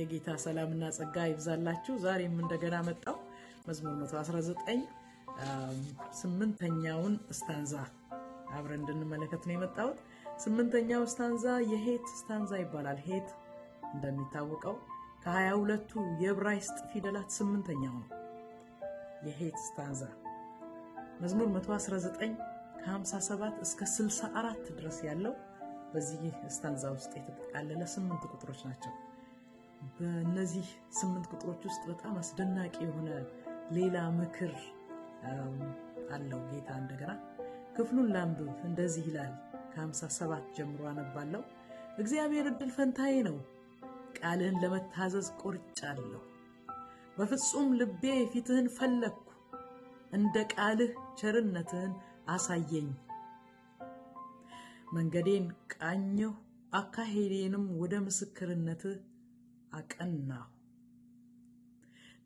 የጌታ ሰላምና ጸጋ ይብዛላችሁ። ዛሬም እንደገና መጣው መዝሙር 119 ስምንተኛውን ስታንዛ አብረን እንድንመለከት ነው የመጣሁት። ስምንተኛው ስታንዛ የሄት ስታንዛ ይባላል። ሄት እንደሚታወቀው ከሀያ ሁለቱ የብራይስጥ ፊደላት ስምንተኛው ነው። የሄት ስታንዛ መዝሙር 119 ከ57 እስከ 64 ድረስ ያለው በዚህ ስታንዛ ውስጥ የተጠቃለለ ስምንት ቁጥሮች ናቸው። በእነዚህ ስምንት ቁጥሮች ውስጥ በጣም አስደናቂ የሆነ ሌላ ምክር አለው ጌታ። እንደገና ክፍሉን ላንብብ። እንደዚህ ይላል ከሀምሳ ሰባት ጀምሮ አነባለሁ። እግዚአብሔር እድል ፈንታዬ ነው፣ ቃልህን ለመታዘዝ ቆርጫለሁ። በፍጹም ልቤ ፊትህን ፈለግኩ፣ እንደ ቃልህ ቸርነትህን አሳየኝ። መንገዴን ቃኘሁ፣ አካሄዴንም ወደ ምስክርነትህ አቀናሁ።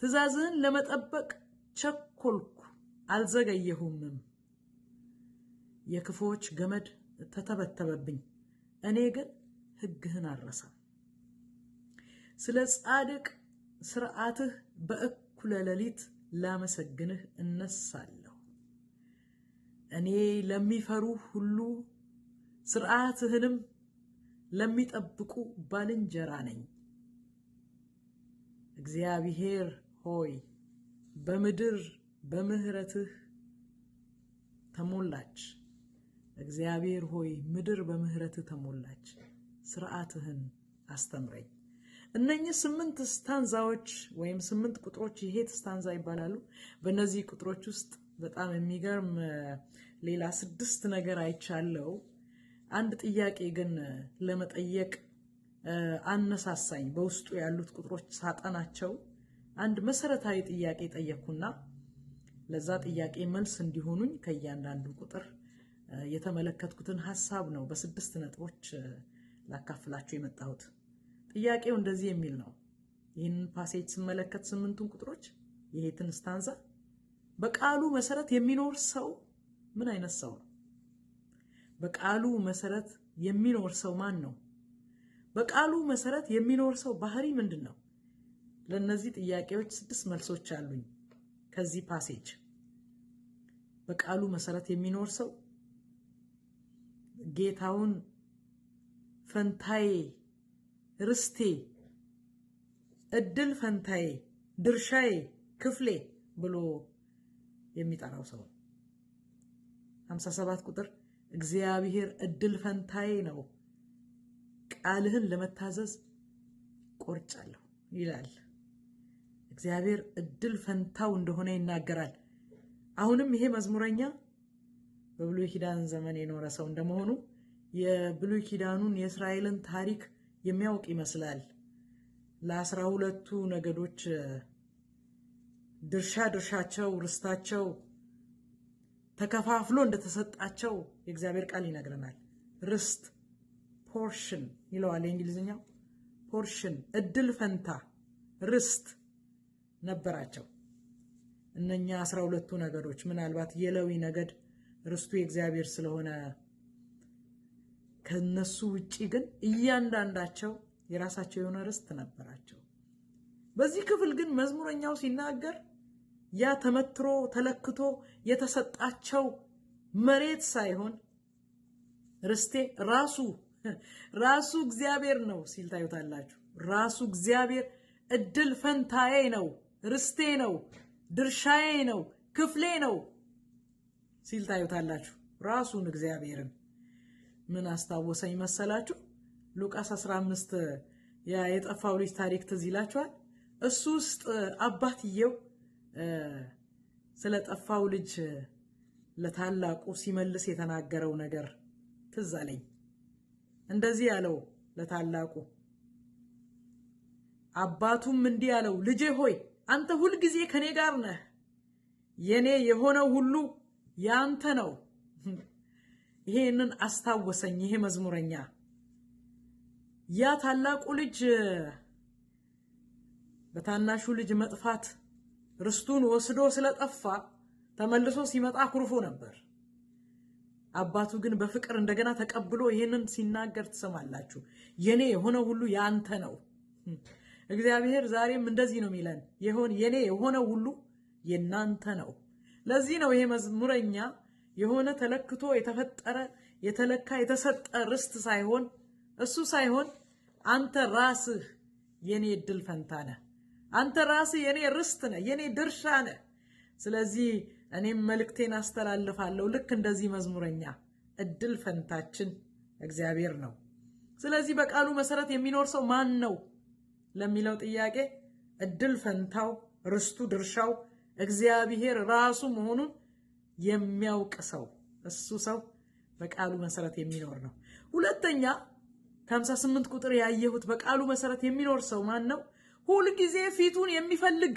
ትእዛዝህን ለመጠበቅ ቸኮልኩ፣ አልዘገየሁምም። የክፉዎች ገመድ ተተበተበብኝ፣ እኔ ግን ሕግህን አልረሳም። ስለ ጻድቅ ሥርዓትህ በእኩለ ሌሊት ላመሰግንህ እነሳለሁ። እኔ ለሚፈሩ ሁሉ ስርዓትህንም ለሚጠብቁ ባልንጀራ ነኝ። እግዚአብሔር ሆይ በምድር በምህረትህ ተሞላች። እግዚአብሔር ሆይ ምድር በምህረትህ ተሞላች፣ ስርዓትህን አስተምረኝ። እነኚህ ስምንት ስታንዛዎች ወይም ስምንት ቁጥሮች ይሄ ስታንዛ ይባላሉ። በእነዚህ ቁጥሮች ውስጥ በጣም የሚገርም ሌላ ስድስት ነገር አይቻለው። አንድ ጥያቄ ግን ለመጠየቅ አነሳሳኝ። በውስጡ ያሉት ቁጥሮች ሳጠናቸው አንድ መሰረታዊ ጥያቄ ጠየቅኩና ለዛ ጥያቄ መልስ እንዲሆኑኝ ከእያንዳንዱ ቁጥር የተመለከትኩትን ሀሳብ ነው በስድስት ነጥቦች ላካፍላችሁ የመጣሁት። ጥያቄው እንደዚህ የሚል ነው። ይህንን ፓሴጅ ስመለከት ስምንቱን ቁጥሮች ይሄትን ስታንዛ በቃሉ መሰረት የሚኖር ሰው ምን አይነት ሰው ነው? በቃሉ መሰረት የሚኖር ሰው ማን ነው? በቃሉ መሰረት የሚኖር ሰው ባህሪ ምንድን ነው? ለእነዚህ ጥያቄዎች ስድስት መልሶች አሉኝ ከዚህ ፓሴጅ። በቃሉ መሰረት የሚኖር ሰው ጌታውን ፈንታዬ፣ ርስቴ፣ እድል ፈንታዬ፣ ድርሻዬ፣ ክፍሌ ብሎ የሚጠራው ሰው ነው። 57 ቁጥር እግዚአብሔር እድል ፈንታዬ ነው ቃልህን ለመታዘዝ ቆርጫለሁ ይላል እግዚአብሔር። እድል ፈንታው እንደሆነ ይናገራል። አሁንም ይሄ መዝሙረኛ በብሉይ ኪዳን ዘመን የኖረ ሰው እንደመሆኑ የብሉይ ኪዳኑን የእስራኤልን ታሪክ የሚያውቅ ይመስላል። ለአስራ ሁለቱ ነገዶች ድርሻ ድርሻቸው ርስታቸው ተከፋፍሎ እንደተሰጣቸው የእግዚአብሔር ቃል ይነግረናል። ርስት ፖርሽን ይለዋል የእንግሊዝኛው ፖርሽን እድል ፈንታ ርስት ነበራቸው። እነኛ አስራ ሁለቱ ነገዶች ምናልባት የለዊ ነገድ ርስቱ የእግዚአብሔር ስለሆነ ከነሱ ውጪ ግን እያንዳንዳቸው የራሳቸው የሆነ ርስት ነበራቸው። በዚህ ክፍል ግን መዝሙረኛው ሲናገር ያ ተመትሮ ተለክቶ የተሰጣቸው መሬት ሳይሆን ርስቴ ራሱ ራሱ እግዚአብሔር ነው ሲል ታዩታላችሁ። ራሱ እግዚአብሔር እድል ፈንታዬ ነው፣ ርስቴ ነው፣ ድርሻዬ ነው፣ ክፍሌ ነው ሲል ታዩታላችሁ። ራሱን እግዚአብሔርን ምን አስታወሰኝ መሰላችሁ? ሉቃስ 15 የጠፋው ልጅ ታሪክ ትዝ ይላችኋል። እሱ ውስጥ አባትየው ስለ ጠፋው ልጅ ለታላቁ ሲመልስ የተናገረው ነገር ትዝ አለኝ። እንደዚህ ያለው ለታላቁ አባቱም እንዲህ ያለው ልጄ ሆይ አንተ ጊዜ ከኔ ጋር ነህ፣ የኔ የሆነው ሁሉ ያንተ ነው። ይሄንን አስታወሰኝ ይሄ መዝሙረኛ። ያ ታላቁ ልጅ በታናሹ ልጅ መጥፋት ርስቱን ወስዶ ስለጠፋ ተመልሶ ሲመጣ አኩርፎ ነበር። አባቱ ግን በፍቅር እንደገና ተቀብሎ ይህንን ሲናገር ትሰማላችሁ። የኔ የሆነ ሁሉ የአንተ ነው። እግዚአብሔር ዛሬም እንደዚህ ነው የሚለን፣ የኔ የሆነ ሁሉ የናንተ ነው። ለዚህ ነው ይሄ መዝሙረኛ የሆነ ተለክቶ የተፈጠረ የተለካ የተሰጠ ርስት ሳይሆን እሱ ሳይሆን አንተ ራስህ የኔ እድል ፈንታ ነህ። አንተ ራስህ የኔ ርስት ነህ፣ የኔ ድርሻ ነህ። ስለዚህ እኔም መልእክቴን አስተላልፋለሁ። ልክ እንደዚህ መዝሙረኛ እድል ፈንታችን እግዚአብሔር ነው። ስለዚህ በቃሉ መሰረት የሚኖር ሰው ማን ነው ለሚለው ጥያቄ እድል ፈንታው፣ ርስቱ፣ ድርሻው እግዚአብሔር ራሱ መሆኑን የሚያውቅ ሰው እሱ ሰው በቃሉ መሰረት የሚኖር ነው። ሁለተኛ ከ58 ቁጥር ያየሁት በቃሉ መሰረት የሚኖር ሰው ማን ነው? ሁልጊዜ ፊቱን የሚፈልግ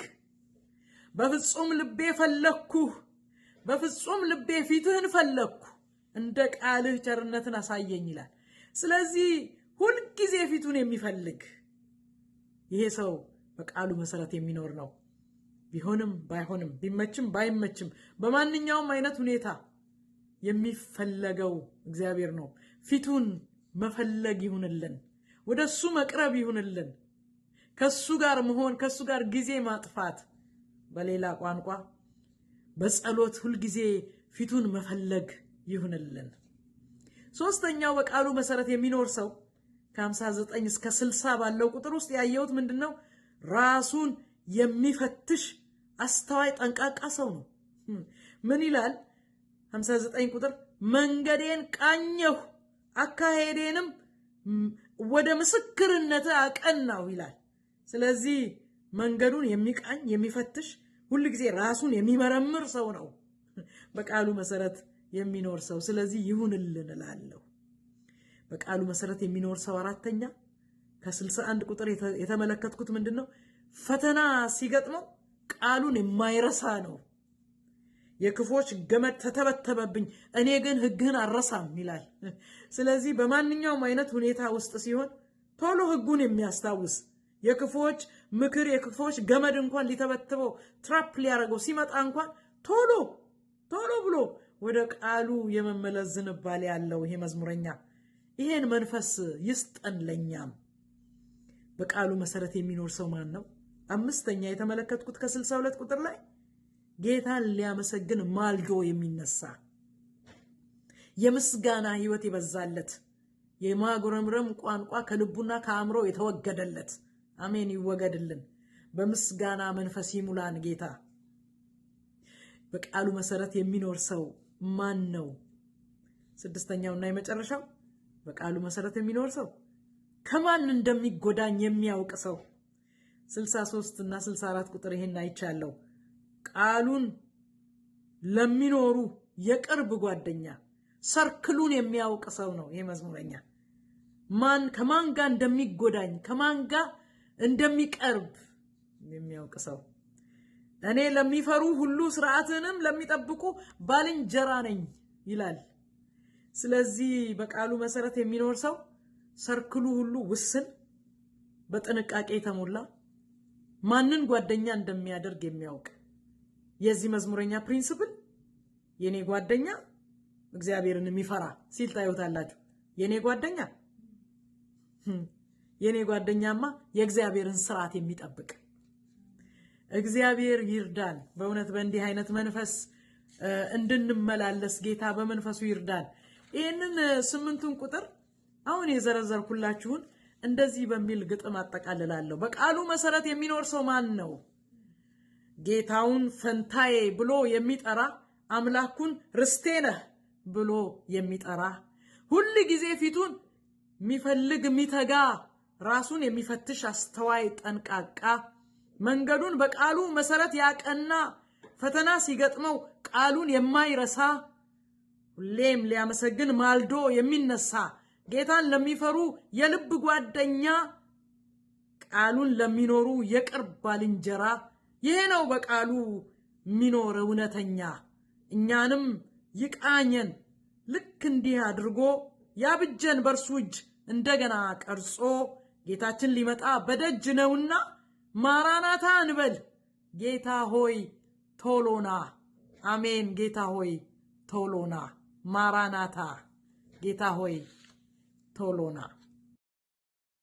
በፍጹም ልቤ ፈለግኩህ፣ በፍጹም ልቤ ፊትህን ፈለግኩ፣ እንደ ቃልህ ቸርነትን አሳየኝ ይላል። ስለዚህ ሁልጊዜ ፊቱን የሚፈልግ ይሄ ሰው በቃሉ መሰረት የሚኖር ነው። ቢሆንም ባይሆንም ቢመችም ባይመችም በማንኛውም አይነት ሁኔታ የሚፈለገው እግዚአብሔር ነው። ፊቱን መፈለግ ይሁንልን፣ ወደ እሱ መቅረብ ይሁንልን፣ ከሱ ጋር መሆን፣ ከሱ ጋር ጊዜ ማጥፋት በሌላ ቋንቋ በጸሎት ሁልጊዜ ፊቱን መፈለግ ይሁንልን። ሶስተኛው በቃሉ መሰረት የሚኖር ሰው ከ59 እስከ 60 ባለው ቁጥር ውስጥ ያየሁት ምንድን ነው? ራሱን የሚፈትሽ አስተዋይ ጠንቃቃ ሰው ነው። ምን ይላል? 59 ቁጥር መንገዴን ቃኘሁ አካሄዴንም ወደ ምስክርነት አቀናው ይላል። ስለዚህ መንገዱን የሚቃኝ የሚፈትሽ ሁል ጊዜ ራሱን የሚመረምር ሰው ነው በቃሉ መሰረት የሚኖር ሰው። ስለዚህ ይሁንልን እላለሁ። በቃሉ መሰረት የሚኖር ሰው አራተኛ ከ61 ቁጥር የተመለከትኩት ምንድን ነው? ፈተና ሲገጥመው ቃሉን የማይረሳ ነው። የክፎች ገመድ ተተበተበብኝ፣ እኔ ግን ሕግህን አልረሳም ይላል። ስለዚህ በማንኛውም አይነት ሁኔታ ውስጥ ሲሆን ቶሎ ሕጉን የሚያስታውስ የክፎች ምክር የክፎች ገመድ እንኳን ሊተበትበው ትራፕ ሊያደርገው ሲመጣ እንኳን ቶሎ ቶሎ ብሎ ወደ ቃሉ የመመለስ ዝንባሌ ያለው ይሄ መዝሙረኛ ይሄን መንፈስ ይስጠን። ለኛም በቃሉ መሰረት የሚኖር ሰው ማን ነው? አምስተኛ የተመለከትኩት ከስልሳ ሁለት ቁጥር ላይ ጌታን ሊያመሰግን ማልዶ የሚነሳ የምስጋና ህይወት የበዛለት የማጉረምረም ቋንቋ ከልቡና ከአእምሮ የተወገደለት አሜን ይወገድልን። በምስጋና መንፈስ ይሙላን ጌታ። በቃሉ መሰረት የሚኖር ሰው ማን ነው? ስድስተኛው እና የመጨረሻው በቃሉ መሰረት የሚኖር ሰው ከማን እንደሚጎዳኝ የሚያውቅ ሰው። 63 እና 64 ቁጥር ይሄን አይቻለሁ። ቃሉን ለሚኖሩ የቅርብ ጓደኛ ሰርክሉን የሚያውቅ ሰው ነው ይሄ መዝሙረኛ። ማን ከማን ጋር እንደሚጎዳኝ ከማን ጋር እንደሚቀርብ የሚያውቅ ሰው እኔ ለሚፈሩ ሁሉ ስርዓትንም ለሚጠብቁ ባልንጀራ ነኝ ይላል። ስለዚህ በቃሉ መሰረት የሚኖር ሰው ሰርክሉ ሁሉ ውስን፣ በጥንቃቄ የተሞላ ማንን ጓደኛ እንደሚያደርግ የሚያውቅ የዚህ መዝሙረኛ ፕሪንስፕል የኔ ጓደኛ እግዚአብሔርን የሚፈራ ሲል ታዩታላችሁ። የኔ ጓደኛ የእኔ ጓደኛማ የእግዚአብሔርን ስርዓት የሚጠብቅ እግዚአብሔር ይርዳን። በእውነት በእንዲህ አይነት መንፈስ እንድንመላለስ ጌታ በመንፈሱ ይርዳን። ይህንን ስምንቱን ቁጥር አሁን የዘረዘርኩላችሁን እንደዚህ በሚል ግጥም አጠቃልላለሁ። በቃሉ መሰረት የሚኖር ሰው ማን ነው? ጌታውን ፈንታዬ ብሎ የሚጠራ አምላኩን ርስቴ ነህ ብሎ የሚጠራ ሁል ጊዜ ፊቱን የሚፈልግ የሚተጋ ራሱን የሚፈትሽ አስተዋይ፣ ጠንቃቃ፣ መንገዱን በቃሉ መሰረት ያቀና፣ ፈተና ሲገጥመው ቃሉን የማይረሳ፣ ሁሌም ሊያመሰግን ማልዶ የሚነሳ፣ ጌታን ለሚፈሩ የልብ ጓደኛ፣ ቃሉን ለሚኖሩ የቅርብ ባልንጀራ። ይሄ ነው በቃሉ ሚኖር እውነተኛ። እኛንም ይቃኘን ልክ እንዲህ አድርጎ ያብጀን በእርሱ እጅ እንደገና ቀርጾ ጌታችን ሊመጣ በደጅ ነውና ማራናታ እንበል። ጌታ ሆይ ቶሎና። አሜን። ጌታ ሆይ ቶሎና። ማራናታ። ጌታ ሆይ ቶሎና።